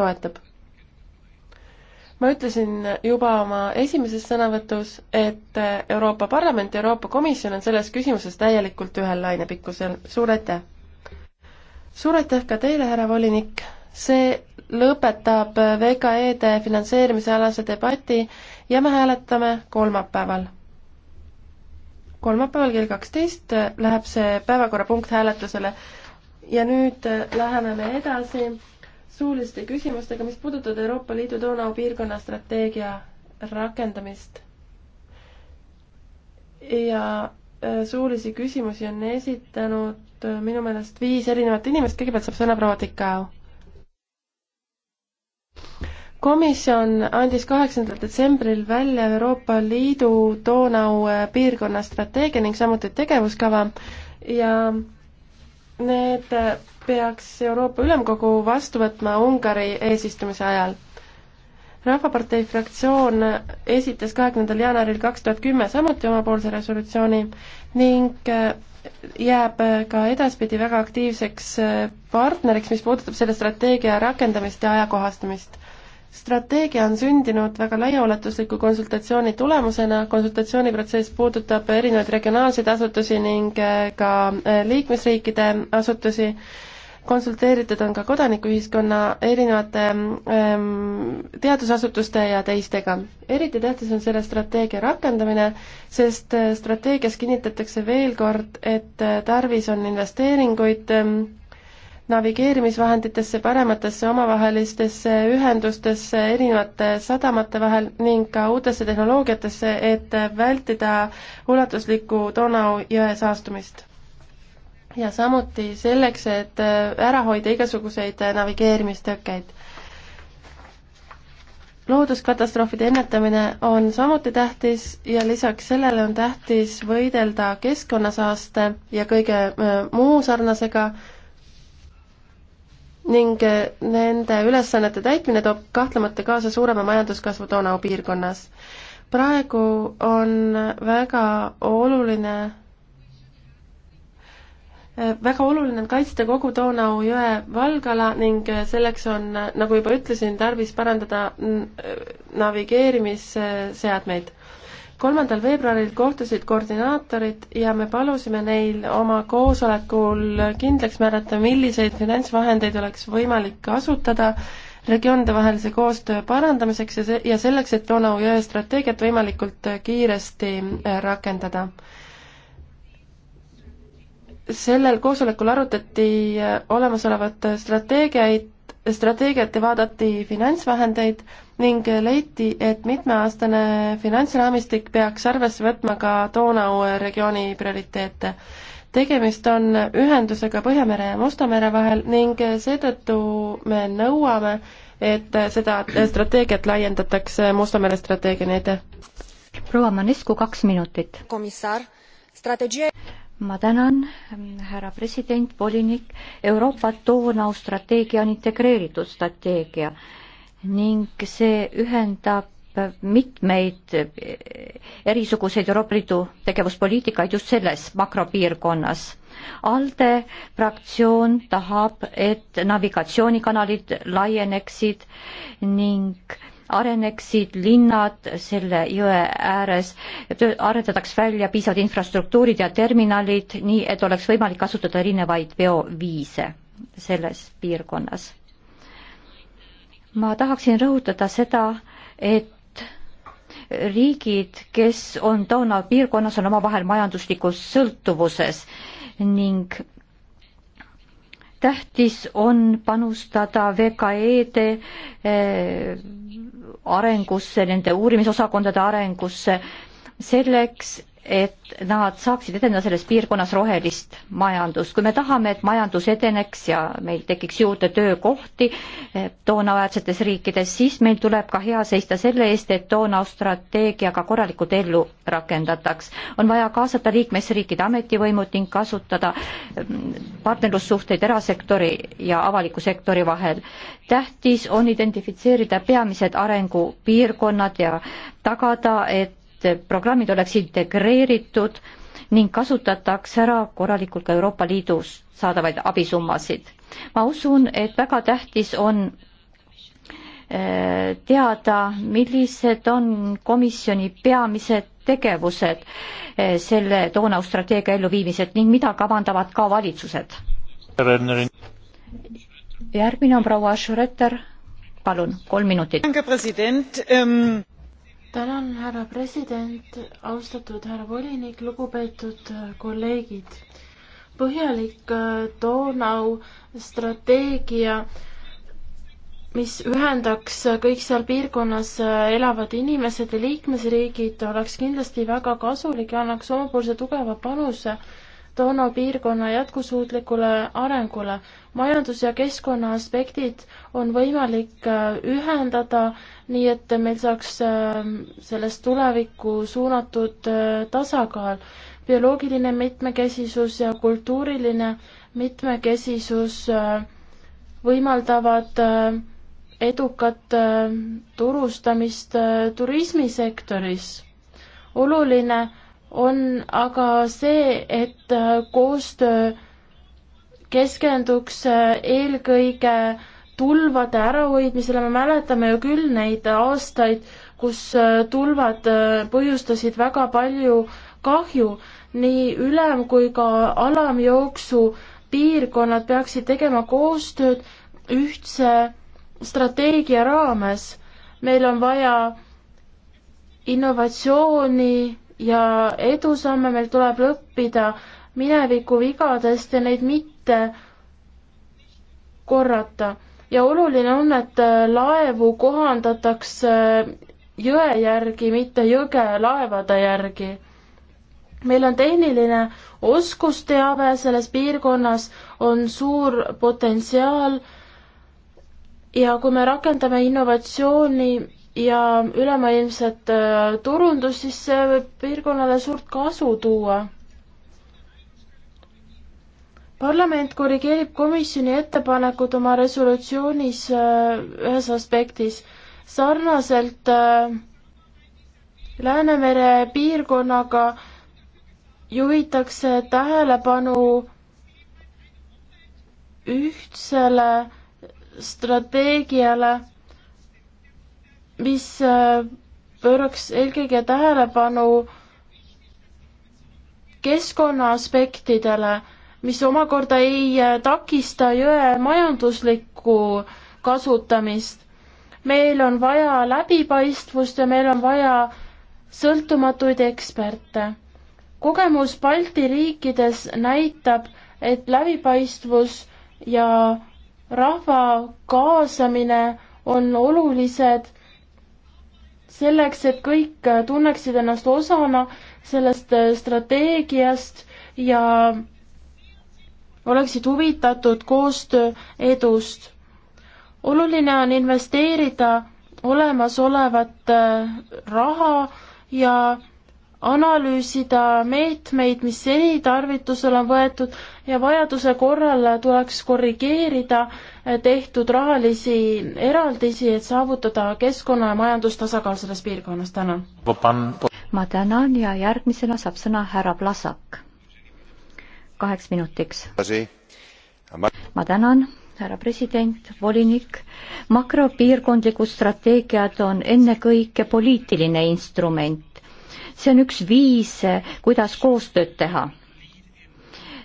toetab. ma ütlesin juba oma esimeses sõnavõtus, et Euroopa Parlament ja Euroopa Komisjon on selles küsimuses täielikult ühel lainepikkusel, suur aitäh! suur aitäh ka teile, härra volinik, see lõpetab VKE-de finantseerimise alase debati ja me hääletame kolmapäeval. kolmapäeval kell kaksteist läheb see päevakorrapunkt hääletusele ja nüüd läheme me edasi suuliste küsimustega, mis puudutavad Euroopa Liidu Donau piirkonna strateegia rakendamist. ja äh, suulisi küsimusi on esitanud äh, minu meelest viis erinevat inimest, kõigepealt saab sõna proua Tikao. komisjon andis kaheksandal detsembril välja Euroopa Liidu Donau äh, piirkonna strateegia ning samuti tegevuskava ja need peaks Euroopa Ülemkogu vastu võtma Ungari eesistumise ajal rahvapartei fraktsioon esitas kahekümnendal jaanuaril kaks tuhat kümme samuti omapoolse resolutsiooni ning äh, jääb äh, ka edaspidi väga aktiivseks äh, partneriks, mis puudutab selle strateegia rakendamist ja ajakohastamist. strateegia on sündinud väga laiaulatusliku konsultatsiooni tulemusena, konsultatsiooniprotsess puudutab erinevaid regionaalseid asutusi ning ka liikmesriikide asutusi konsulteeritud on ka kodanikuühiskonna erinevate ähm, teadusasutuste ja teistega. eriti tähtis on selle strateegia rakendamine, sest äh, strateegias kinnitatakse veel kord, et äh, tarvis on investeeringuid ähm, navigeerimisvahenditesse, parematesse omavahelistesse ühendustesse erinevate sadamate vahel ning ka uutesse tehnoloogiatesse, et vältida ulatuslikku Donau jõe saastumist ja samuti selleks, et äh, ära hoida igasuguseid äh, navigeerimistõkkeid. looduskatastroofide ennetamine on samuti tähtis ja lisaks sellele on tähtis võidelda keskkonnasaaste ja kõige äh, muu sarnasega ning nende ülesannete täitmine toob kahtlemata kaasa suurema majanduskasvu Donau piirkonnas. praegu on väga oluline Äh, väga oluline on kaitsta kogu Donau jõe valgala ning äh, selleks on, äh, nagu juba ütlesin, tarvis parandada navigeerimisseadmeid. kolmandal veebruaril kohtusid koordinaatorid ja me palusime neil oma koosolekul kindlaks määrata, milliseid finantsvahendeid oleks võimalik kasutada regioonidevahelise koostöö parandamiseks ja se-, ja selleks, et Donau jõe strateegiat võimalikult kiiresti rakendada sellel koosolekul arutati äh, olemasolevat strateegiaid, strateegiat ja vaadati finantsvahendeid ning leiti, et mitmeaastane finantsraamistik peaks arvesse võtma ka Donau regiooni prioriteete. tegemist on ühendusega Põhjamere ja Musta mere vahel ning seetõttu me nõuame, et seda strateegiat laiendatakse Musta mere strateegiani ette. proua Manescu, kaks minutit. komissar, strateegia ma tänan, härra president, volinik. Euroopa toonav strateegia on integreeritud strateegia ning see ühendab mitmeid erisuguseid Euroopa Liidu tegevuspoliitikaid just selles makropiirkonnas. ALDE fraktsioon tahab, et navigatsioonikanalid laieneksid ning areneksid linnad selle jõe ääres, arendataks välja piisavad infrastruktuurid ja terminalid, nii et oleks võimalik kasutada erinevaid veoviise selles piirkonnas. ma tahaksin rõhutada seda, et riigid, kes on Donau piirkonnas, on omavahel majanduslikus sõltuvuses ning tähtis on panustada VKE-de eh, arengusse, nende uurimisosakondade arengusse, selleks, et nad saaksid edendada selles piirkonnas rohelist majandust. kui me tahame, et majandus edeneks ja meil tekiks juurde töökohti eh, toonaväärsetes riikides, siis meil tuleb ka hea seista selle eest, et toona strateegia ka korralikult ellu rakendataks. on vaja kaasata liikmesriikide ametivõimud ning kasutada mm, partnerlussuhteid erasektori ja avaliku sektori vahel. tähtis on identifitseerida peamised arengupiirkonnad ja tagada, et et programmid oleks integreeritud ning kasutataks ära korralikult ka Euroopa Liidust saadavaid abisummasid. ma usun, et väga tähtis on äh, teada, millised on komisjoni peamised tegevused äh, selle Donau strateegia elluviimised ning mida kavandavad ka valitsused. järgmine on proua Schröter, palun, kolm minutit tänan, härra president, austatud härra volinik, lugupeetud äh, kolleegid. põhjalik äh, Donau strateegia mis ühendaks äh, kõik seal piirkonnas elavad inimesed ja liikmesriigid, oleks kindlasti väga kasulik ja annaks omapoolse tugeva panuse Donau piirkonna jätkusuutlikule arengule. majandus- ja keskkonnaaspektid on võimalik äh, ühendada, nii et meil saaks ähm, sellest tulevikku suunatud äh, tasakaal. bioloogiline mitmekesisus ja kultuuriline mitmekesisus äh, võimaldavad edukat turustamist turismisektoris. oluline on aga see, et äh, koostöö keskenduks äh, eelkõige tulvade ärahoidmisele, me mäletame ju küll neid aastaid, kus äh, tulvad põhjustasid väga palju kahju, nii ülem- kui ka alamjooksu piirkonnad peaksid tegema koostööd ühtse strateegia raames. meil on vaja innovatsiooni, ja edusamme meil tuleb õppida mineviku vigadest ja neid mitte korrata. ja oluline on, et laevu kohandataks jõe järgi, mitte jõge laevade järgi. meil on tehniline oskusteave selles piirkonnas, on suur potentsiaal ja kui me rakendame innovatsiooni ja ülemaailmset äh, turundust, siis see võib piirkonnale suurt kasu tuua. parlament korrigeerib komisjoni ettepanekut oma resolutsioonis äh, ühes aspektis. sarnaselt äh, Läänemere piirkonnaga juhitakse tähelepanu ühtsele strateegiale mis äh, pööraks eelkõige tähelepanu keskkonna aspektidele, mis omakorda ei äh, takista jõe majanduslikku kasutamist. meil on vaja läbipaistvust ja meil on vaja sõltumatuid eksperte. kogemus Balti riikides näitab, et läbipaistvus ja rahva kaasamine on olulised selleks, et kõik äh, tunneksid ennast osana sellest äh, strateegiast ja oleksid huvitatud koostöö edust. oluline on investeerida olemasolevat äh, raha ja analüüsida meetmeid, mis seni tarvitusele on võetud ja vajaduse korral tuleks korrigeerida eh, tehtud rahalisi eraldisi, et saavutada keskkonna ja majandustasakaal selles piirkonnas, tänan. ma tänan ja järgmisena saab sõna härra Plasak. kaheks minutiks. ma tänan härra president, volinik, makropiirkondlikud strateegiad on ennekõike poliitiline instrument see on üks viis, eh, kuidas koostööd teha.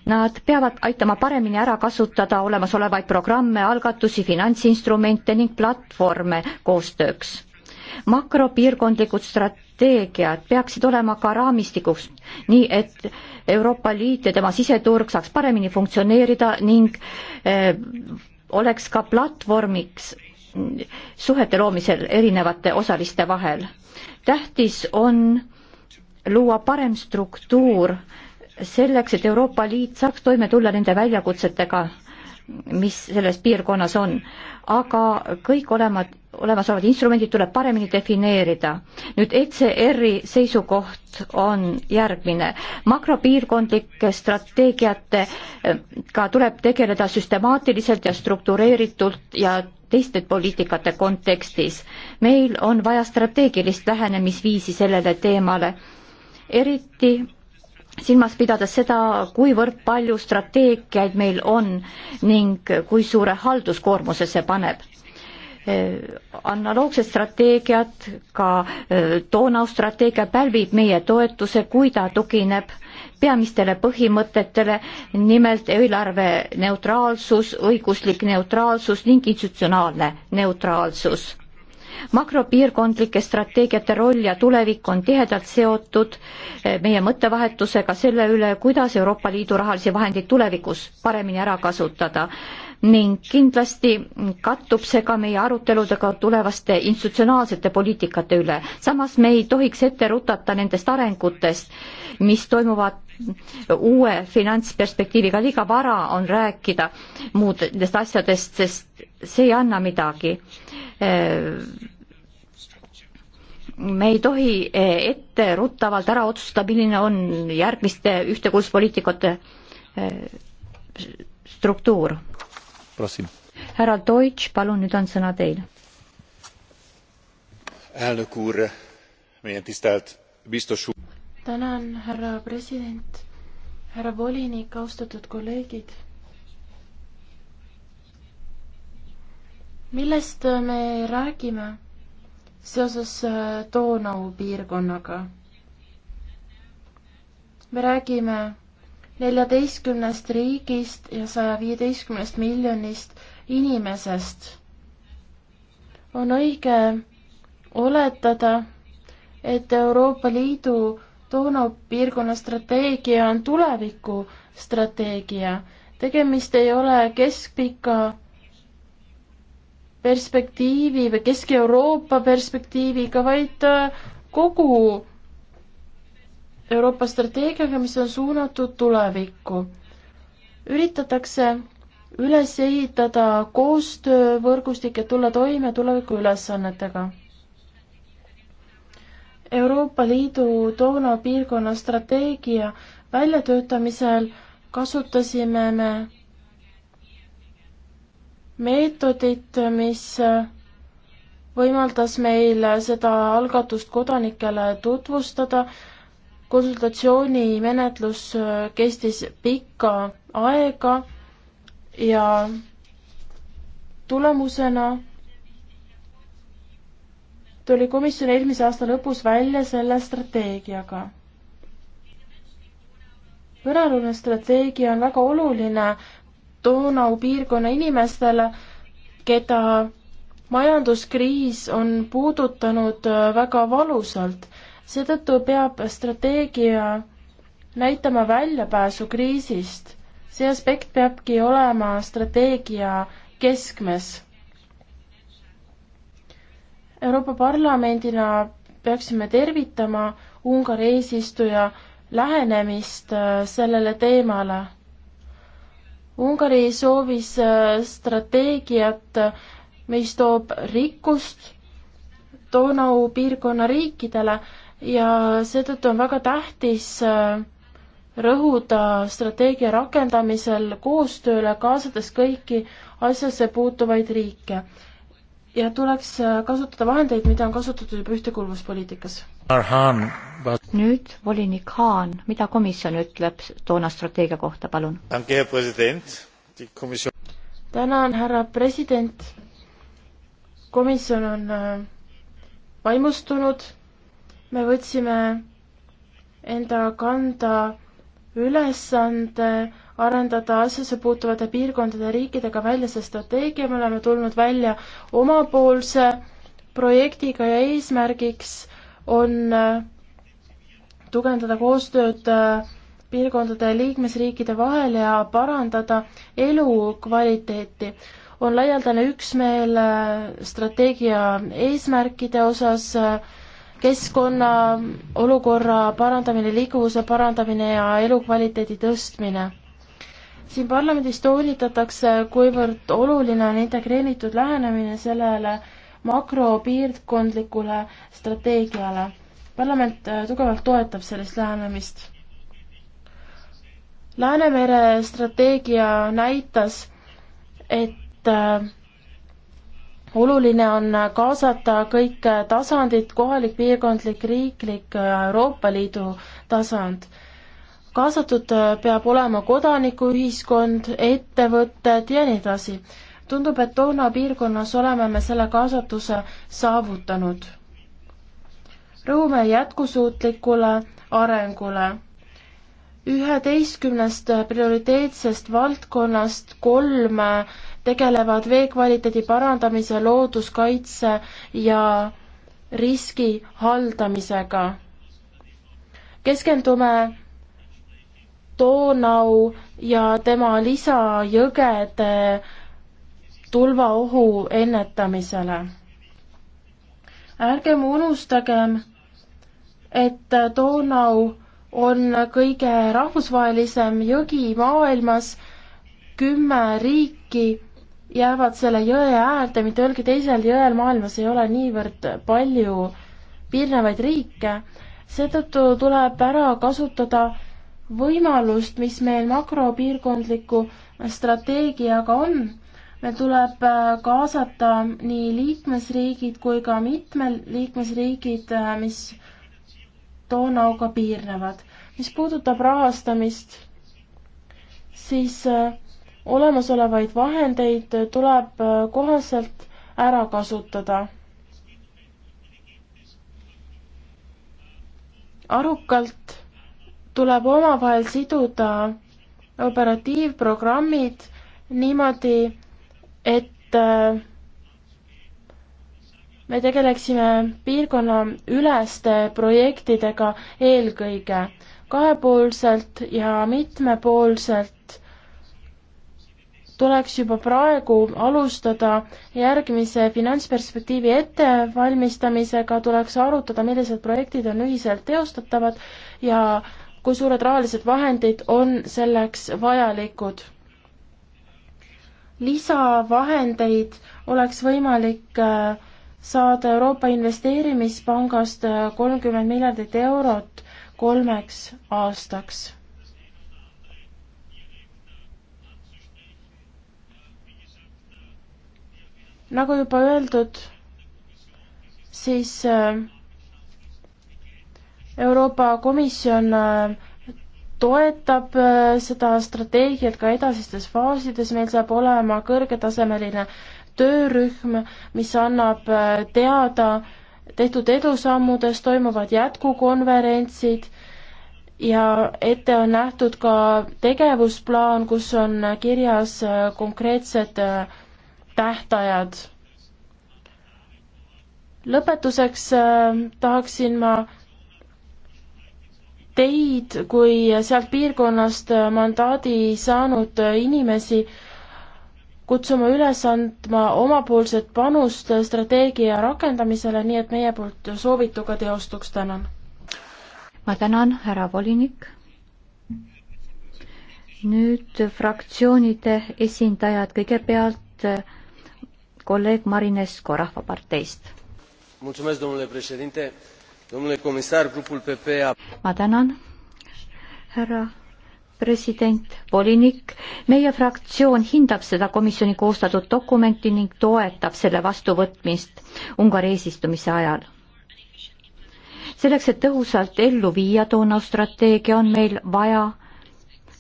Nad peavad aitama paremini ära kasutada olemasolevaid programme, algatusi, finantsinstrumente ning platvorme koostööks. makropiirkondlikud strateegiad peaksid olema ka raamistikuks, nii et Euroopa Liit ja tema siseturg saaks paremini funktsioneerida ning eh, oleks ka platvormiks suhete loomisel erinevate osaliste vahel. tähtis on luua parem struktuur selleks, et Euroopa Liit saaks toime tulla nende väljakutsetega, mis selles piirkonnas on. aga kõik olemad, olemasolevad instrumendid tuleb paremini defineerida. nüüd ECR-i seisukoht on järgmine. makropiirkondlike strateegiatega eh, tuleb tegeleda süstemaatiliselt ja struktureeritult ja teiste poliitikate kontekstis. meil on vaja strateegilist lähenemisviisi sellele teemale eriti silmas pidades seda, kuivõrd palju strateegiaid meil on ning kui suure halduskoormuse see paneb. Eh, analoogsed strateegiad, ka Donau eh, strateegia pälvib meie toetuse, kui ta tugineb peamistele põhimõtetele, nimelt eelarve neutraalsus, õiguslik neutraalsus ning institutsionaalne neutraalsus makropiirkondlike strateegiate roll ja tulevik on tihedalt seotud eh, meie mõttevahetusega selle üle, kuidas Euroopa Liidu rahalisi vahendeid tulevikus paremini ära kasutada ning kindlasti kattub see ka meie aruteludega tulevaste institutsionaalsete poliitikate üle. samas me ei tohiks ette rutata nendest arengutest, mis toimuvad uue finantsperspektiiviga, liiga vara on rääkida muudest asjadest, sest see ei anna midagi. me ei tohi eh, etteruttavalt ära otsustada, milline on järgmiste ühtekuuluvuspoliitikute eh, struktuur. härra Deutsch, palun, nüüd on sõna teil. tänan, härra president, härra volinik, austatud kolleegid millest me räägime seoses äh, Donau piirkonnaga? me räägime neljateistkümnest riigist ja saja viieteistkümnest miljonist inimesest. on õige oletada, et Euroopa Liidu Donau piirkonna strateegia on tulevikustrateegia. tegemist ei ole keskpika perspektiivi või Kesk-Euroopa perspektiiviga, vaid äh, kogu Euroopa strateegiaga, mis on suunatud tulevikku. üritatakse üles ehitada koostöövõrgustik, et tulla toime tuleviku ülesannetega. Euroopa Liidu toona piirkonna strateegia väljatöötamisel kasutasime me meetodit, mis äh, võimaldas meil äh, seda algatust kodanikele tutvustada. konsultatsioonimenetlus äh, kestis pikka aega ja tulemusena tuli komisjon eelmise aasta lõpus välja selle strateegiaga. kõnealune strateegia on väga oluline Donau piirkonna inimestele, keda majanduskriis on puudutanud äh, väga valusalt. seetõttu peab strateegia näitama väljapääsu kriisist. see aspekt peabki olema strateegia keskmes. Euroopa Parlamendina peaksime tervitama Ungari eesistuja lähenemist äh, sellele teemale Ungari soovis äh, strateegiat, äh, mis toob rikkust Donau piirkonna riikidele ja seetõttu on väga tähtis äh, rõhuda strateegia rakendamisel koostööle, kaasates kõiki asjasse puutuvaid riike ja tuleks äh, kasutada vahendeid, mida on kasutatud juba ühtekuuluvuspoliitikas. nüüd volinik Haan, mida komisjon ütleb toona strateegia kohta, palun? tänan, härra president. komisjon on äh, vaimustunud, me võtsime enda kanda ülesande arendada asjasse puutuvate piirkondade riikidega välja see strateegia, me oleme tulnud välja omapoolse projektiga ja eesmärgiks on äh, tugevdada koostööd äh, piirkondade liikmesriikide vahel ja parandada elukvaliteeti. on laialdane üksmeel äh, strateegia eesmärkide osas, keskkonna olukorra parandamine, liikuvuse parandamine ja elukvaliteedi tõstmine siin parlamendis toonitatakse, kuivõrd oluline on integreeritud lähenemine sellele makropiirkondlikule strateegiale. parlament äh, tugevalt toetab sellist lähenemist. Läänemere strateegia näitas, et äh, oluline on kaasata kõik tasandid, kohalik, piirkondlik, riiklik, äh, Euroopa Liidu tasand kaasatud äh, peab olema kodanikuühiskond, ettevõtted ja nii edasi. tundub, et toona piirkonnas oleme me selle kaasatuse saavutanud. rõhume jätkusuutlikule arengule. üheteistkümnest prioriteetsest valdkonnast kolm tegelevad vee kvaliteedi parandamise, looduskaitse ja riski haldamisega. keskendume Doonau ja tema lisajõgede tulvaohu ennetamisele. ärgem unustagem, et Doonau on kõige rahvusvahelisem jõgi maailmas, kümme riiki jäävad selle jõe äärde, mitte ühelgi teisel jõel maailmas ei ole niivõrd palju piirnevaid riike, seetõttu tuleb ära kasutada võimalust, mis meil makropiirkondliku strateegiaga on. meil tuleb äh, kaasata nii liikmesriigid kui ka mitmed liikmesriigid, äh, mis Donauga piirnevad. mis puudutab rahastamist, siis äh, olemasolevaid vahendeid tuleb koheselt ära kasutada. arukalt tuleb omavahel siduda operatiivprogrammid niimoodi, et äh, me tegeleksime piirkonna üleste projektidega eelkõige kahepoolselt ja mitmepoolselt tuleks juba praegu alustada järgmise finantsperspektiivi ettevalmistamisega, tuleks arutada, millised projektid on ühiselt teostatavad ja kui suured rahalised vahendid on selleks vajalikud. lisavahendeid oleks võimalik äh, saada Euroopa Investeerimispangast äh, kolmkümmend miljardit eurot kolmeks aastaks. nagu juba öeldud, siis äh, Euroopa Komisjon äh, toetab äh, seda strateegiat ka edasistes faasides, meil saab olema kõrgetasemeline töörühm, mis annab äh, teada tehtud edusammudest, toimuvad jätkukonverentsid ja ette on nähtud ka tegevusplaan, kus on kirjas konkreetsed tähtajad. lõpetuseks tahaksin ma teid kui sealt piirkonnast mandaadi saanud inimesi kutsuma üles andma omapoolset panust strateegia rakendamisele, nii et meie poolt soovitu ka teostuks, tänan. ma tänan, härra volinik. nüüd fraktsioonide esindajad, kõigepealt eh, kolleeg Marinesko Rahvaparteist. mulțumesc, domnule președinte ma tänan, härra president, volinik, meie fraktsioon hindab seda komisjoni koostatud dokumenti ning toetab selle vastuvõtmist Ungari eesistumise ajal. selleks, et tõhusalt ellu viia Donau strateegia, on meil vaja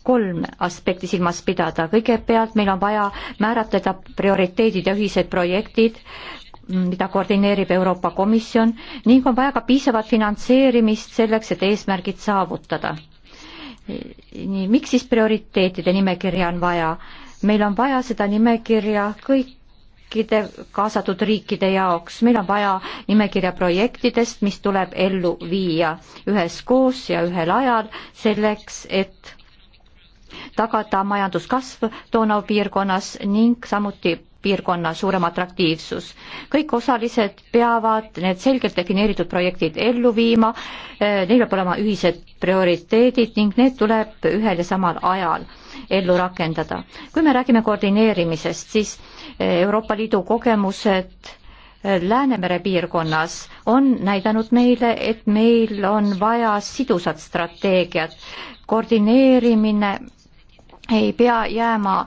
kolm aspekti silmas pidada. kõigepealt meil on vaja määratleda prioriteedid ja ühised projektid, Mm, mida koordineerib Euroopa Komisjon ning on vaja ka piisavat finantseerimist selleks, et eesmärgid saavutada. nii, miks siis prioriteetide nimekirja on vaja? meil on vaja seda nimekirja kõikide kaasatud riikide jaoks, meil on vaja nimekirja projektidest, mis tuleb ellu viia üheskoos ja ühel ajal selleks, et tagada majanduskasv Donau piirkonnas ning samuti piirkonna suurem atraktiivsus. kõik osalised peavad need selgelt defineeritud projektid ellu viima, eh, neil peab olema ühised prioriteedid ning need tuleb ühel ja samal ajal ellu rakendada. kui me räägime koordineerimisest, siis eh, Euroopa Liidu kogemused eh, Läänemere piirkonnas on näidanud meile, et meil on vaja sidusat strateegiat. koordineerimine ei pea jääma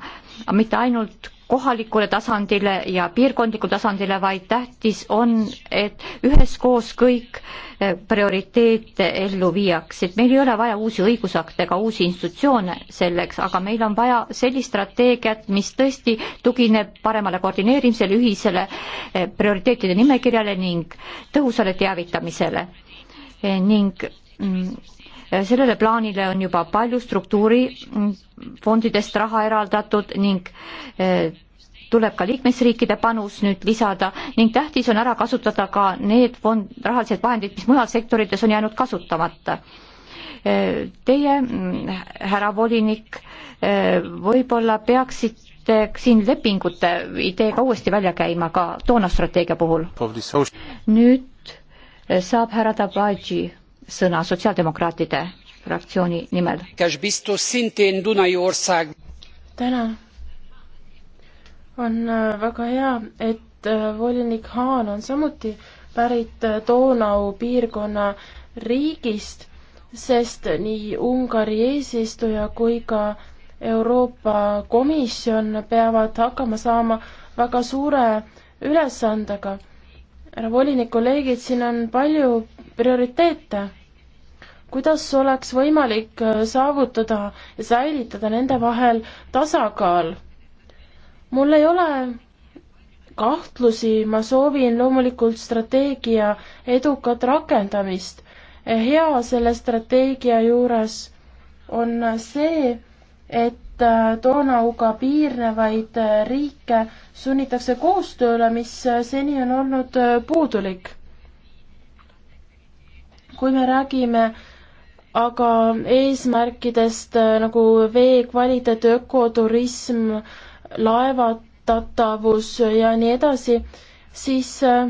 mitte ainult kohalikule tasandile ja piirkondlikule tasandile, vaid tähtis on, et üheskoos kõik eh, prioriteete ellu viiaksid. meil ei ole vaja uusi õigusakte ega uusi institutsioone selleks, aga meil on vaja sellist strateegiat, mis tõesti tugineb paremale koordineerimisele, ühisele eh, prioriteetide nimekirjale ning tõhusale teavitamisele eh, ning mm, sellele plaanile on juba palju struktuurifondidest raha eraldatud ning e, tuleb ka liikmesriikide panus nüüd lisada ning tähtis on ära kasutada ka need fond, rahalised vahendid, mis mujal sektorites on jäänud kasutamata. E, teie, härra volinik, e, võib-olla peaksite siin lepingute ideega uuesti välja käima ka toona strateegia puhul. nüüd saab härra Tabaji sõna sotsiaaldemokraatide fraktsiooni nimel. tänan. on äh, väga hea, et äh, volinik Haan on samuti pärit äh, Donau piirkonna riigist, sest nii Ungari eesistuja kui ka Euroopa Komisjon peavad hakkama saama väga suure ülesandega. härra volinik, kolleegid, siin on palju prioriteete kuidas oleks võimalik äh, saavutada ja säilitada nende vahel tasakaal? mul ei ole kahtlusi, ma soovin loomulikult strateegia edukat rakendamist. hea selle strateegia juures on see, et Donauga äh, piirnevaid äh, riike sunnitakse koostööle, mis seni on olnud puudulik. kui me räägime äh, aga eesmärkidest äh, nagu vee kvaliteet, ökoturism, laevatatavus ja nii edasi, siis äh,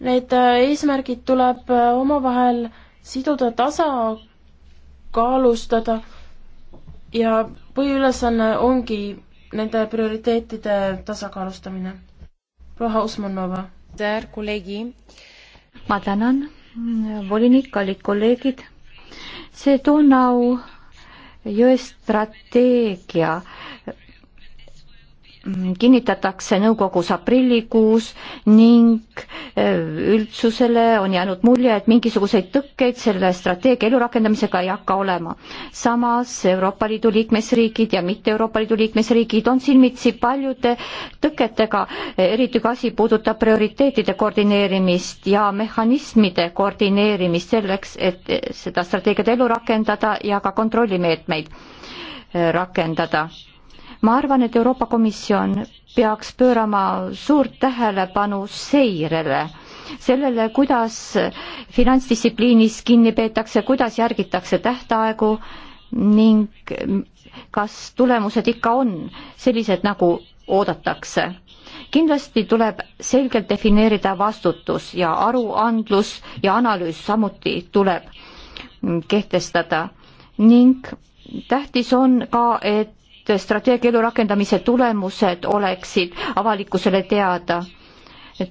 need äh, eesmärgid tuleb omavahel siduda, tasakaalustada ja põhiülesanne ongi nende prioriteetide tasakaalustamine. proua Hausmannova. kolleegi. ma tänan volinik, kallid kolleegid. see Donau jõe strateegia kinnitatakse nõukogus aprillikuus ning äh, üldsusele on jäänud mulje, et mingisuguseid tõkkeid selle strateegia elurakendamisega ei hakka olema. samas Euroopa Liidu liikmesriigid ja mitte Euroopa Liidu liikmesriigid on silmitsi paljude tõketega, eriti kui asi puudutab prioriteetide koordineerimist ja mehhanismide koordineerimist selleks, et seda strateegiat ellu rakendada ja ka kontrollimeetmeid rakendada ma arvan, et Euroopa Komisjon peaks pöörama suurt tähelepanu seirele, sellele, kuidas finantsdistsipliinis kinni peetakse, kuidas järgitakse tähtaegu ning kas tulemused ikka on sellised, nagu oodatakse. kindlasti tuleb selgelt defineerida vastutus ja aruandlus ja analüüs samuti tuleb kehtestada ning tähtis on ka, et strateegia elu rakendamise tulemused oleksid avalikkusele teada.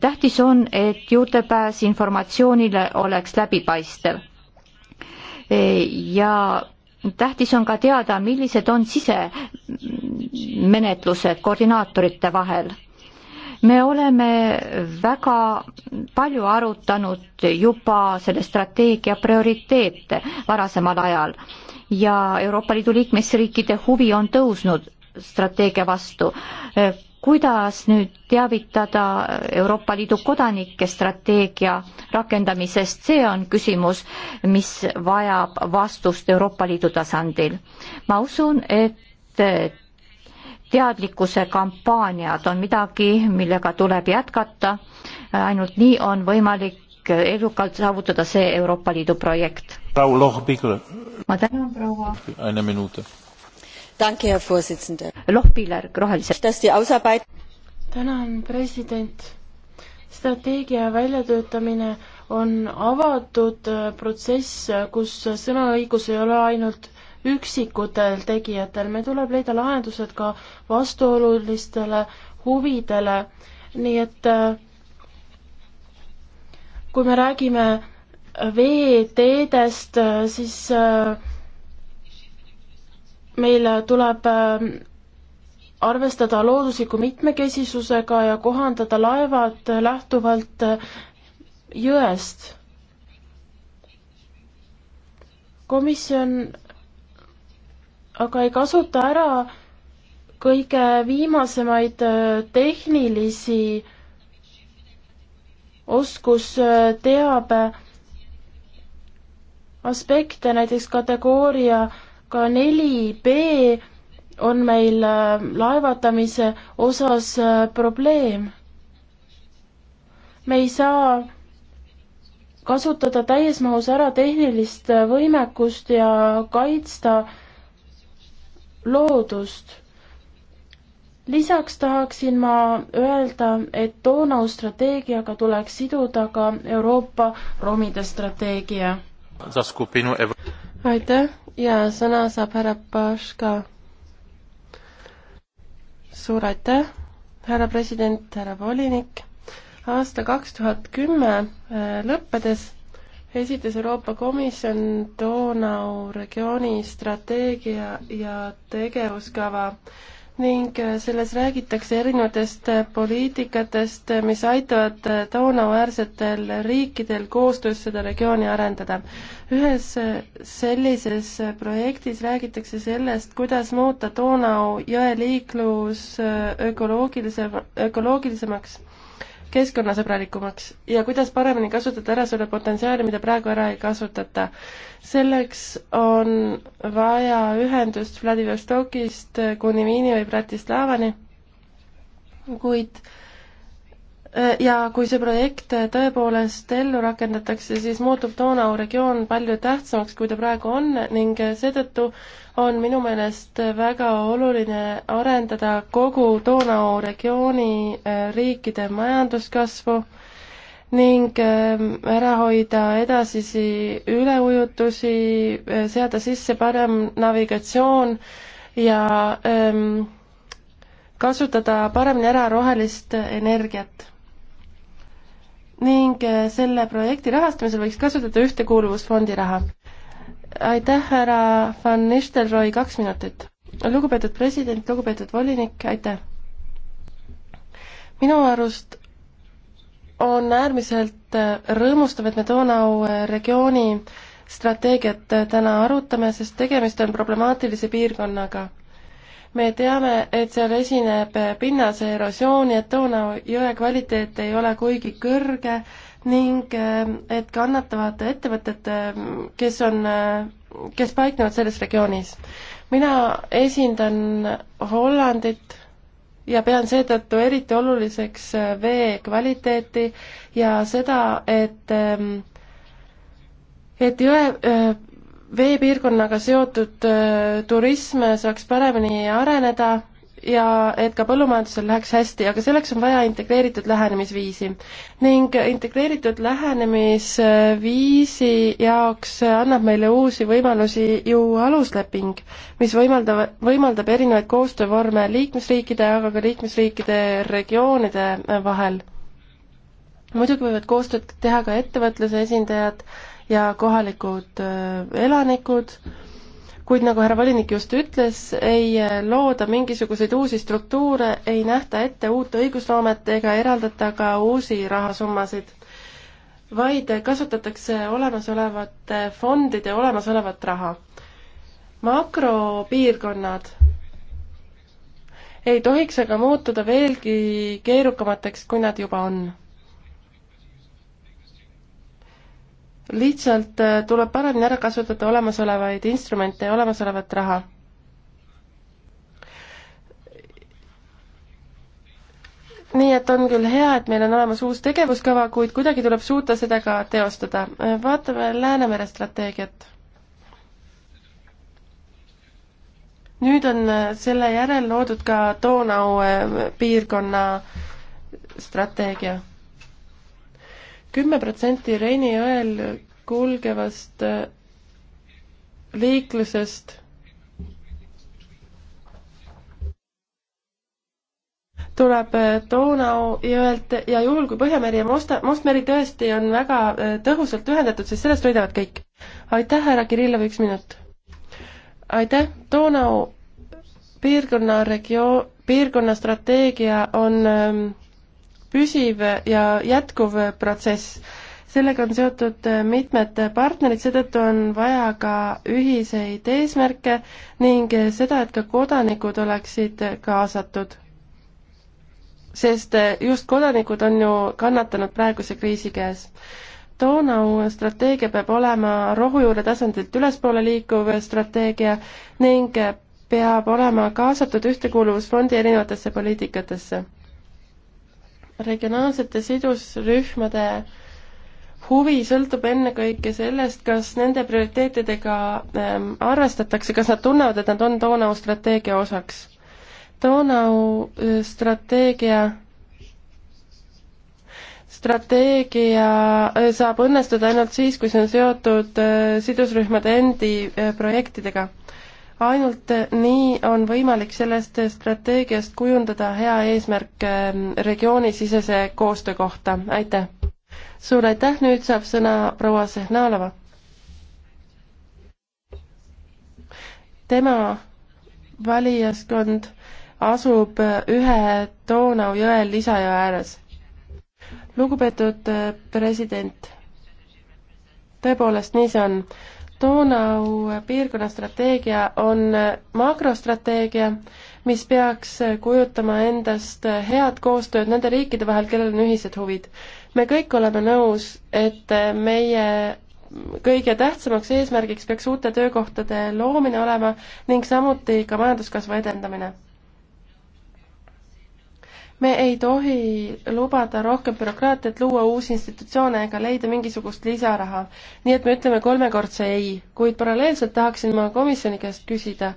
tähtis on, et juurdepääs informatsioonile oleks läbipaistev. ja tähtis on ka teada, millised on sisemenetlused koordinaatorite vahel me oleme väga palju arutanud juba selle strateegia prioriteete varasemal ajal ja Euroopa Liidu liikmesriikide huvi on tõusnud strateegia vastu. kuidas nüüd teavitada Euroopa Liidu kodanikke strateegia rakendamisest, see on küsimus, mis vajab vastust Euroopa Liidu tasandil. ma usun, et teadlikkuse kampaaniad on midagi, millega tuleb jätkata. ainult nii on võimalik edukalt saavutada see Euroopa Liidu projekt. ma tänan, proua. eine minute. Danke, Herr Vorsitzender. Lohpiller, rohelised. tänan, president. strateegia väljatöötamine on avatud äh, protsess, äh, kus sõnaõigus ei ole ainult üksikutel tegijatel, meil tuleb leida lahendused ka vastuolulistele huvidele, nii et äh, kui me räägime veeteedest, äh, siis äh, meil tuleb arvestada loodusliku mitmekesisusega ja kohandada laevad lähtuvalt jõest. komisjon aga ei kasuta ära kõige viimasemaid äh, tehnilisi oskusteabe aspekte, näiteks kategooriaga neli B on meil äh, laevatamise osas äh, probleem. me ei saa kasutada täies mahus ära tehnilist võimekust ja kaitsta äh, loodust. lisaks tahaksin ma öelda, et Donau strateegiaga tuleks siduda ka Euroopa romide strateegia. aitäh ja sõna saab härra Paška. suur aitäh, härra president, härra volinik. aasta kaks tuhat kümme äh, lõppedes esitas Euroopa Komisjon Donau regiooni strateegia ja tegevuskava ning selles räägitakse erinevatest poliitikatest, mis aitavad Donau-äärsetel riikidel koostöös seda regiooni arendada. ühes sellises projektis räägitakse sellest, kuidas muuta Donau jõe liiklus ökoloogilise, ökoloogilisemaks keskkonnasõbralikumaks ja kuidas paremini kasutada ära selle potentsiaali, mida praegu ära ei kasutata. selleks on vaja ühendust Vladivostokist kuni Viini või Bratislavani, kuid ja kui see projekt tõepoolest ellu rakendatakse, siis muutub Donau regioon palju tähtsamaks, kui ta praegu on ning seetõttu on minu meelest väga oluline arendada kogu Donau regiooni äh, riikide majanduskasvu ning ähm, ära hoida edasisi üleujutusi, äh, seada sisse parem navigatsioon ja ähm, kasutada paremini ära rohelist energiat ning äh, selle projekti rahastamisel võiks kasutada Ühtekuuluvusfondi raha. aitäh, härra Van Nistelrooy, kaks minutit. lugupeetud president, lugupeetud volinik, aitäh! minu arust on äärmiselt äh, rõõmustav, et me Donau äh, regiooni strateegiat täna arutame, sest tegemist on problemaatilise piirkonnaga me teame, et seal esineb pinnase erosiooni, et Doona jõe kvaliteet ei ole kuigi kõrge ning eh, et kannatavad ettevõtted, eh, kes on, eh, kes paiknevad selles regioonis. mina esindan Hollandit ja pean seetõttu eriti oluliseks vee kvaliteeti ja seda, et et jõe veepiirkonnaga seotud äh, turism saaks paremini areneda ja et ka põllumajandusel läheks hästi, aga selleks on vaja integreeritud lähenemisviisi. ning integreeritud lähenemisviisi jaoks annab meile uusi võimalusi ju alusleping, mis võimaldab, võimaldab erinevaid koostöövorme liikmesriikide, aga ka liikmesriikide regioonide vahel. muidugi võivad koostööd teha ka ettevõtluse esindajad, ja kohalikud äh, elanikud, kuid nagu härra volinik just ütles, ei äh, looda mingisuguseid uusi struktuure, ei nähta ette uut õigusloomet ega eraldata ka uusi rahasummasid, vaid kasutatakse olemasolevate fondide olemasolevat raha. makropiirkonnad ei tohiks aga muutuda veelgi keerukamateks, kui nad juba on lihtsalt äh, tuleb paremini ära kasutada olemasolevaid instrumente ja olemasolevat raha. nii et on küll hea, et meil on olemas uus tegevuskava, kuid kuidagi tuleb suuta seda ka teostada. Äh, vaatame Läänemere strateegiat. nüüd on äh, selle järel loodud ka Donau piirkonna strateegia kümme protsenti Reini jõel kulgevast äh, liiklusest tuleb Donau äh, jõelt ja juhul, kui Põhjameri ja Mosta, Mustmeri tõesti on väga äh, tõhusalt ühendatud, siis sellest võidavad kõik. aitäh, härra Kirillov, üks minut. aitäh, Donau piirkonna regioon, piirkonna strateegia on ähm, püsiv ja jätkuv protsess. sellega on seotud mitmed partnerid, seetõttu on vaja ka ühiseid eesmärke ning seda, et ka kodanikud oleksid kaasatud. sest just kodanikud on ju kannatanud praeguse kriisi käes Donau strateegia peab olema rohujuure tasandilt ülespoole liikuv strateegia ning peab olema kaasatud Ühtekuuluvusfondi erinevatesse poliitikatesse regionaalsete sidusrühmade huvi sõltub ennekõike sellest, kas nende prioriteetidega ähm, arvestatakse, kas nad tunnevad, et nad on Donau strateegia osaks. Donau äh, strateegia strateegia äh, saab õnnestuda ainult siis, kui see on seotud äh, sidusrühmade endi projektidega ainult nii on võimalik sellest strateegiast kujundada hea eesmärk ähm, regioonisisese koostöö kohta, aitäh! suur aitäh, nüüd saab sõna proua Sehnalova. tema valijaskond asub ühe Donau jõel lisajõe ääres. lugupeetud äh, president, tõepoolest nii see on Donau piirkonna strateegia on makrostrateegia, mis peaks kujutama endast head koostööd nende riikide vahel, kellel on ühised huvid. me kõik oleme nõus, et meie kõige tähtsamaks eesmärgiks peaks uute töökohtade loomine olema ning samuti ka majanduskasvu edendamine me ei tohi lubada rohkem bürokraatiat, luua uusi institutsioone ega leida mingisugust lisaraha. nii et me ütleme kolmekordse ei, kuid paralleelselt tahaksin ma komisjoni käest küsida,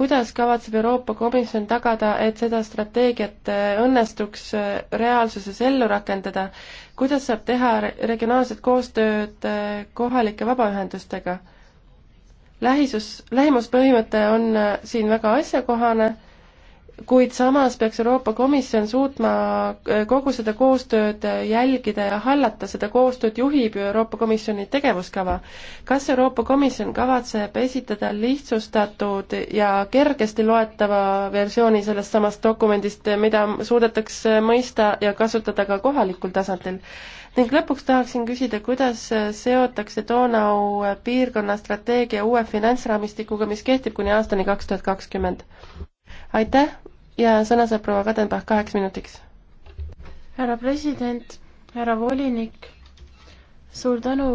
kuidas kavatseb Euroopa Komisjon tagada, et seda strateegiat äh, õnnestuks äh, reaalsuses ellu rakendada, kuidas saab teha regionaalset koostööd äh, kohalike vabaühendustega? lähisus, lähimuspõhimõte on siin väga asjakohane kuid samas peaks Euroopa Komisjon suutma äh, kogu seda koostööd äh, jälgida ja hallata, seda koostööd juhib ju Euroopa Komisjoni tegevuskava. kas Euroopa Komisjon kavatseb esitada lihtsustatud ja kergesti loetava versiooni sellest samast dokumendist, mida suudetakse äh, mõista ja kasutada ka kohalikul tasandil? ning lõpuks tahaksin küsida, kuidas seotakse Donau piirkonna strateegia uue finantsraamistikuga, mis kehtib kuni aastani kaks tuhat kakskümmend? aitäh ja sõna saab proua Kadenbach kaheks minutiks. härra president, härra volinik, suur tänu,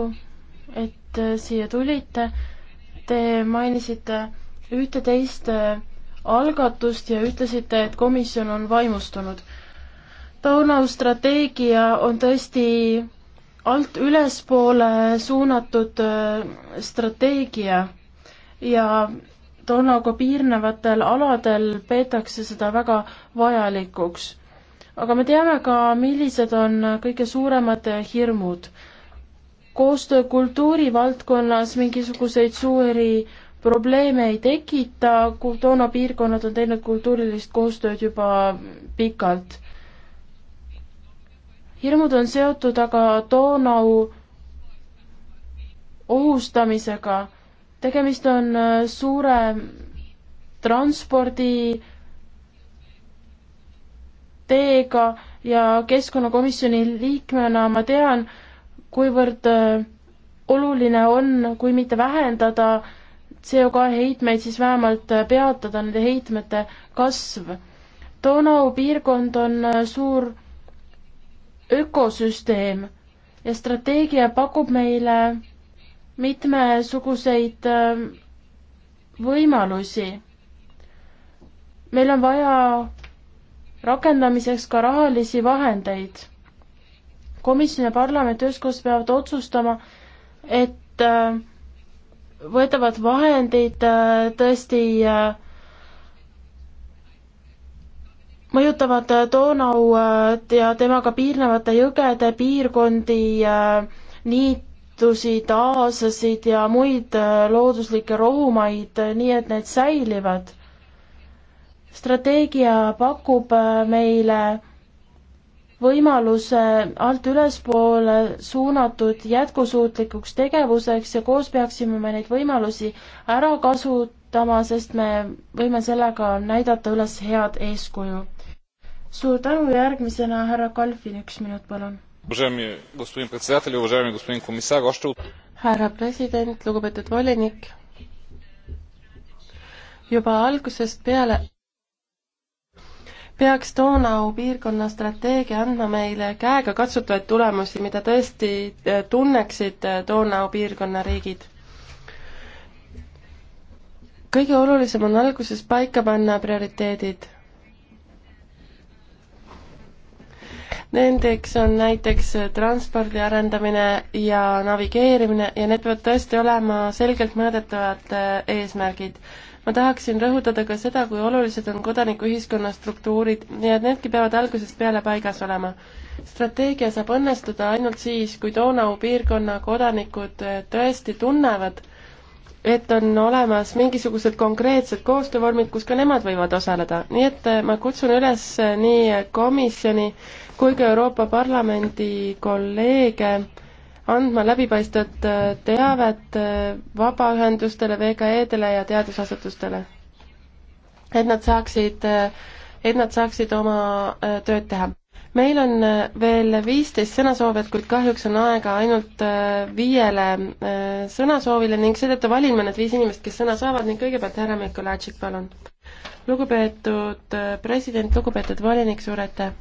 et äh, siia tulite. Te mainisite ühte-teist äh, algatust ja ütlesite, et komisjon on vaimustunud. Donau strateegia on tõesti alt ülespoole suunatud äh, strateegia ja Donauga piirnevatel aladel peetakse seda väga vajalikuks. aga me teame ka, millised on kõige suuremad hirmud. koostöö kultuurivaldkonnas mingisuguseid suuri probleeme ei tekita, Dona piirkonnad on teinud kultuurilist koostööd juba pikalt. hirmud on seotud aga Donau ohustamisega tegemist on äh, suure transpordi teega ja keskkonnakomisjoni liikmena ma tean, kuivõrd äh, oluline on, kui mitte vähendada CO2 heitmeid, siis vähemalt äh, peatada nende heitmete kasv. Donau piirkond on suur ökosüsteem ja strateegia pakub meile mitmesuguseid ähm, võimalusi. meil on vaja rakendamiseks ka rahalisi vahendeid. komisjon ja parlament üheskoos peavad otsustama, et äh, võetavad vahendid äh, tõesti äh, mõjutavad Donau ja temaga piirnevate jõgede piirkondi nii mittusid, aasasid ja muid äh, looduslikke rohumaid, äh, nii et need säilivad. strateegia pakub äh, meile võimaluse alt ülespoole suunatud jätkusuutlikuks tegevuseks ja koos peaksime me neid võimalusi ära kasutama, sest me võime sellega näidata üles head eeskuju. suur tänu, järgmisena härra Kalfin, üks minut, palun härra president, lugupeetud volinik, juba algusest peale peaks Donau piirkonna strateegia andma meile käegakatsutavaid tulemusi, mida tõesti äh, tunneksid äh, Donau piirkonna riigid. kõige olulisem on alguses paika panna prioriteedid Nendeks on näiteks transpordi arendamine ja navigeerimine ja need peavad tõesti olema selgelt mõõdetavad äh, eesmärgid. ma tahaksin rõhutada ka seda, kui olulised on kodanikuühiskonna struktuurid ja et needki peavad algusest peale paigas olema. strateegia saab õnnestuda ainult siis, kui Donau piirkonna kodanikud äh, tõesti tunnevad, et on olemas mingisugused konkreetsed koostöövormid, kus ka nemad võivad osaleda. nii et äh, ma kutsun üles nii komisjoni kui ka Euroopa Parlamendi kolleege andma läbipaistvat äh, teavet äh, vabaühendustele, VKE-dele ja teadusasutustele. et nad saaksid, äh, et nad saaksid oma tööd teha. meil on veel viisteist sõnasoovijat, kuid kahjuks on aega ainult viiele sõnasoovile ning seetõttu valin ma need viis inimest, kes sõna saavad ning kõigepealt härra Mikolajtšik, palun. lugupeetud president, lugupeetud volinik, suur aitäh!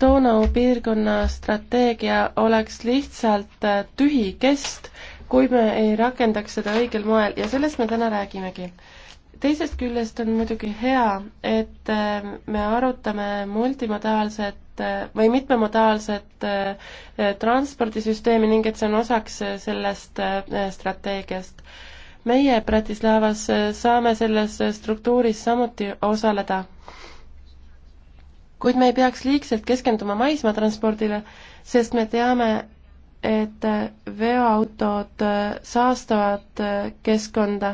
Donau piirkonna strateegia oleks lihtsalt äh, tühi kest, kui me ei rakendaks seda õigel moel ja sellest me täna räägimegi. teisest küljest on muidugi hea, et äh, me arutame multimodaalset äh, või mitmemodaalset transpordisüsteemi ning et see on osaks sellest strateegiast. meie Bratislavas saame selles struktuuris samuti osaleda kuid me ei peaks liigselt keskenduma maismaatranspordile, sest me teame, et veoautod saastavad keskkonda.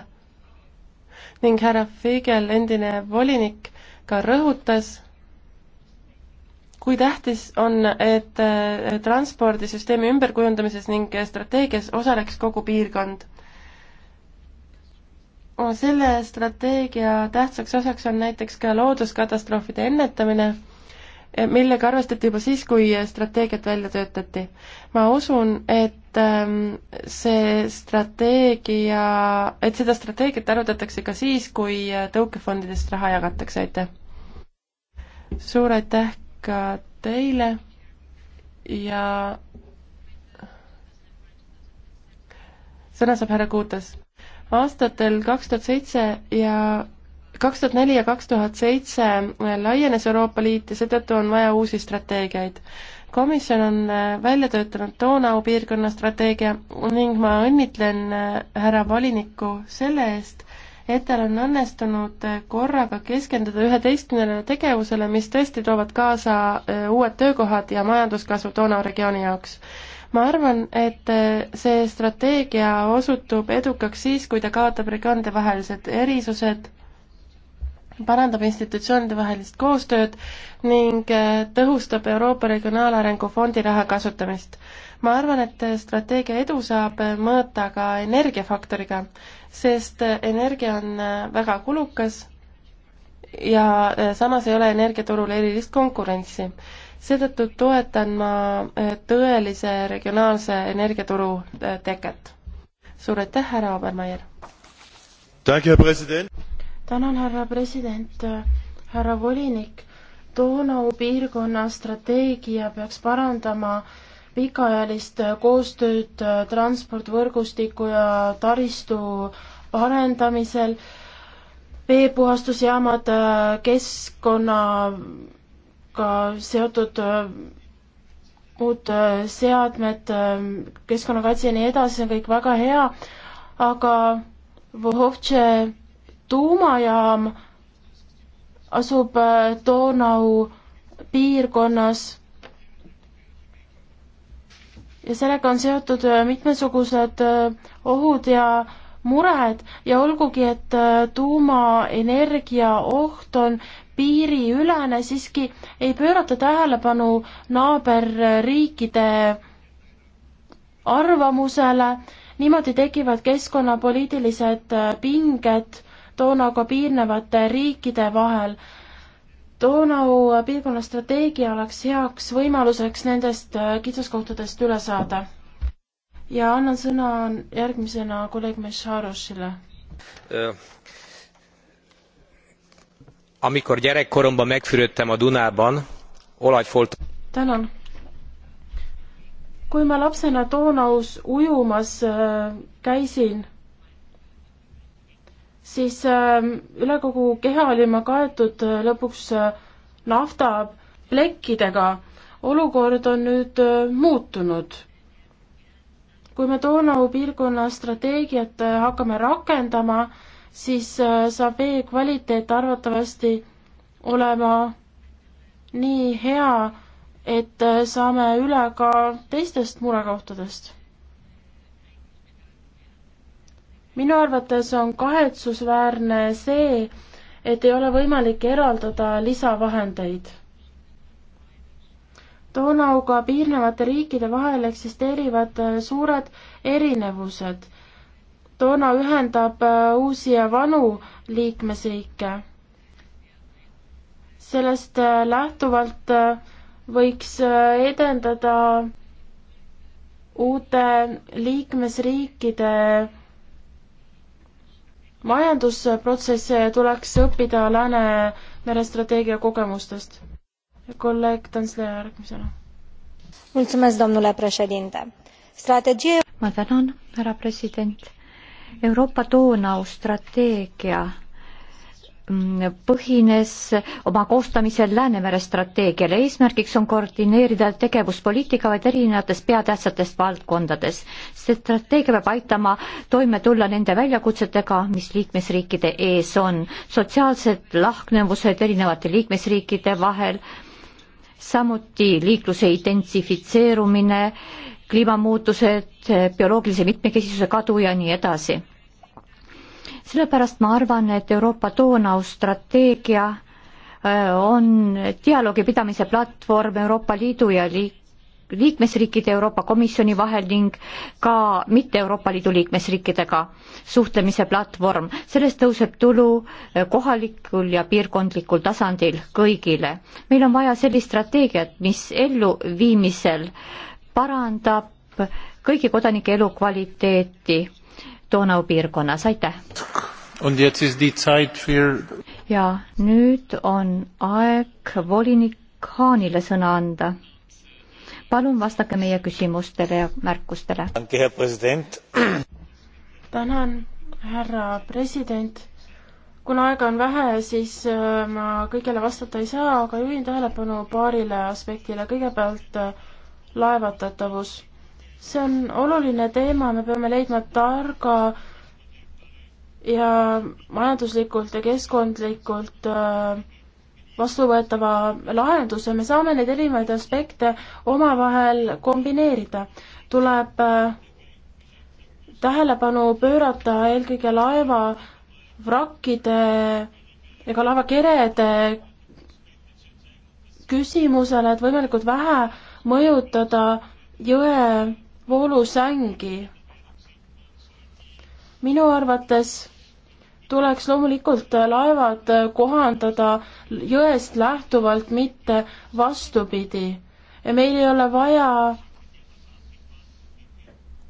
ning härra Figel, endine volinik, ka rõhutas, kui tähtis on, et transpordisüsteemi ümberkujundamises ning strateegias osaleks kogu piirkond. selle strateegia tähtsaks osaks on näiteks ka looduskatastroofide ennetamine millega arvestati juba siis, kui strateegiat välja töötati. ma usun, et ähm, see strateegia, et seda strateegiat arutatakse ka siis, kui äh, tõukefondidest raha jagatakse, aitäh! suur aitäh ka teile ja sõna saab härra Kuutas. aastatel kaks tuhat seitse ja kaks tuhat neli ja kaks tuhat seitse laienes Euroopa Liit ja seetõttu on vaja uusi strateegiaid. komisjon on äh, välja töötanud Donau piirkonna strateegia ning ma õnnitlen äh, härra volinikku selle eest, et tal on õnnestunud äh, korraga keskenduda üheteistkümnele tegevusele, mis tõesti toovad kaasa uued töökohad ja majanduskasvu Donau regiooni jaoks. ma arvan, et see strateegia osutub edukaks siis, kui ta kaotab regioonide vahelised erisused parandab institutsioonide vahelist koostööd ning äh, tõhustab Euroopa Regionaalarengu Fondi raha kasutamist. ma arvan, et äh, strateegia edu saab äh, mõõta ka energiafaktoriga, sest energia on väga kulukas ja samas ei ole energiaturul erilist konkurentsi. seetõttu toetan ma tõelise regionaalse energiaturu teket. suur aitäh, härra Obermeier! tänan, härra president, härra volinik. Donau piirkonna strateegia peaks parandama pikaajalist koostööd transportvõrgustiku ja taristu arendamisel, veepuhastusjaamad, keskkonnaga seotud muud äh, äh, seadmed, äh, keskkonnakaitse ja nii edasi, see on kõik väga hea, aga Vohovtše tuumajaam asub äh, Donau piirkonnas ja sellega on seotud äh, mitmesugused äh, ohud ja mured ja olgugi, et tuumaenergia oht on piiriülene, siiski ei pöörata tähelepanu naaberriikide arvamusele, niimoodi tekivad keskkonnapoliitilised pinged Donauga piirnevate riikide vahel. Donau piirkonna strateegia oleks heaks võimaluseks nendest äh, kitsaskohtadest üle saada. ja annan sõna järgmisena kolleeg Mešarošile. Amikor gyerekkoromban megfürödtem a Dunában, olajfolt... Tänan kui ma lapsena Donaus ujumas äh, käisin, siis ähm, üle kogu keha olin ma kaetud äh, lõpuks äh, naftaplekkidega. olukord on nüüd äh, muutunud. kui me Donau piirkonna strateegiat hakkame rakendama, siis saab vee kvaliteet arvatavasti olema nii hea, et saame üle ka teistest murekohtadest minu arvates on kahetsusväärne see, et ei ole võimalik eraldada lisavahendeid. Donauga piirnevate riikide vahel eksisteerivad äh, suured erinevused. Donau ühendab äh, uusi ja vanu liikmesriike. sellest äh, lähtuvalt võiks edendada uute liikmesriikide majandusprotsesse tuleks õppida Läänemere strateegia kogemustest. kolleeg Tansler järgmisena. ma tänan, härra president. Euroopa Donau strateegia Mm, põhines oma koostamisel Läänemere strateegiale. eesmärgiks on koordineerida tegevuspoliitika vaid erinevates peatähtsates valdkondades. see strateegia peab aitama toime tulla nende väljakutsetega, mis liikmesriikide ees on. sotsiaalsed lahknevused erinevate liikmesriikide vahel, samuti liikluse intensifitseerumine, kliimamuutused, bioloogilise mitmekesisuse kadu ja nii edasi sellepärast ma arvan, et Euroopa Donau strateegia äh, on dialoogi pidamise platvorm Euroopa Liidu ja liik-, liikmesriikide Euroopa Komisjoni vahel ning ka mitte Euroopa Liidu liikmesriikidega suhtlemise platvorm. sellest tõuseb tulu äh, kohalikul ja piirkondlikul tasandil kõigile. meil on vaja sellist strateegiat, mis elluviimisel parandab kõigi kodanike elukvaliteeti Donau piirkonnas, aitäh! ja nüüd on aeg volinik Haanile sõna anda. palun vastake meie küsimustele ja märkustele. tänan, härra president kuna aega on vähe, siis äh, ma kõigele vastata ei saa, aga juhin tähelepanu paarile aspektile. kõigepealt äh, laevatatavus see on oluline teema, me peame leidma targa ja majanduslikult ja keskkondlikult äh, vastuvõetava lahenduse, me saame neid erinevaid aspekte omavahel kombineerida. tuleb äh, tähelepanu pöörata eelkõige laeva vrakkide ja ka laevakerede küsimusele, et võimalikult vähe mõjutada jõe voolusängi. minu arvates tuleks loomulikult laevad kohandada jõest lähtuvalt, mitte vastupidi. meil ei ole vaja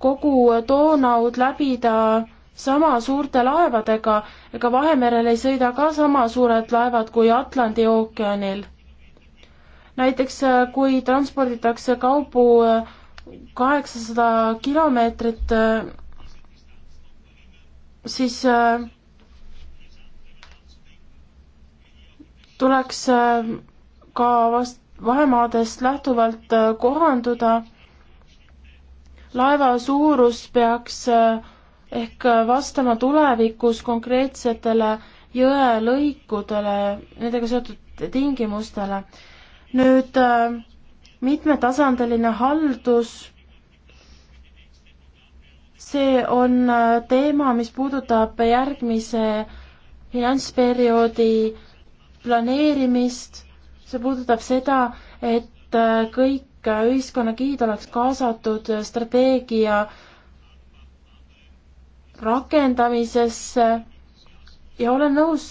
kogu Donaud läbida sama suurte laevadega, ega Vahemerel ei sõida ka sama suured laevad kui Atlandi ookeanil. näiteks kui transporditakse kaubu kaheksasada kilomeetrit, äh, siis äh, tuleks äh, ka vast-, vahemaadest lähtuvalt kohanduda. laeva suurus peaks ehk vastama tulevikus konkreetsetele jõelõikudele, nendega seotud tingimustele. nüüd äh, mitmetasandiline haldus, see on äh, teema, mis puudutab järgmise finantsperioodi planeerimist, see puudutab seda, et äh, kõik äh, ühiskonnakihid oleks kaasatud strateegia rakendamisesse ja olen nõus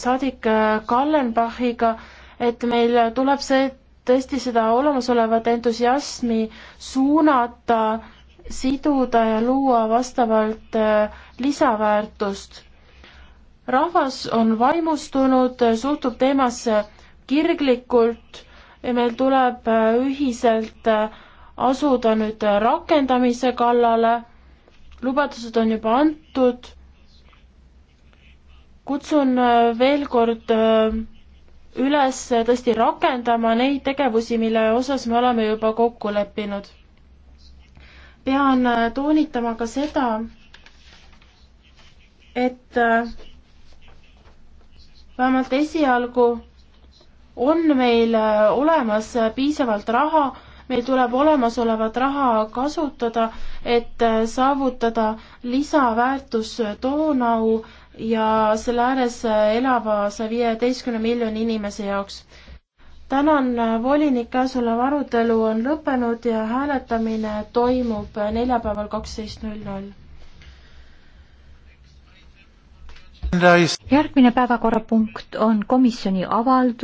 saadik Kallenbachiga, et meil tuleb see tõesti seda olemasolevat entusiasmi suunata, siduda ja luua vastavalt äh, lisaväärtust. rahvas on vaimustunud, suhtub teemasse kirglikult ja meil tuleb äh, ühiselt äh, asuda nüüd rakendamise kallale. lubadused on juba antud. kutsun veel kord üles tõesti rakendama neid tegevusi, mille osas me oleme juba kokku leppinud. pean äh, toonitama ka seda, et äh, vähemalt esialgu on meil äh, olemas piisavalt raha, meil tuleb olemasolevat raha kasutada, et saavutada lisaväärtus Donau ja selle ääres elava saja viieteistkümne miljoni inimese jaoks. tänan, äh, volinik, käesolev arutelu on lõppenud ja hääletamine toimub neljapäeval kaksteist null null. järgmine päevakorrapunkt on komisjoni avaldus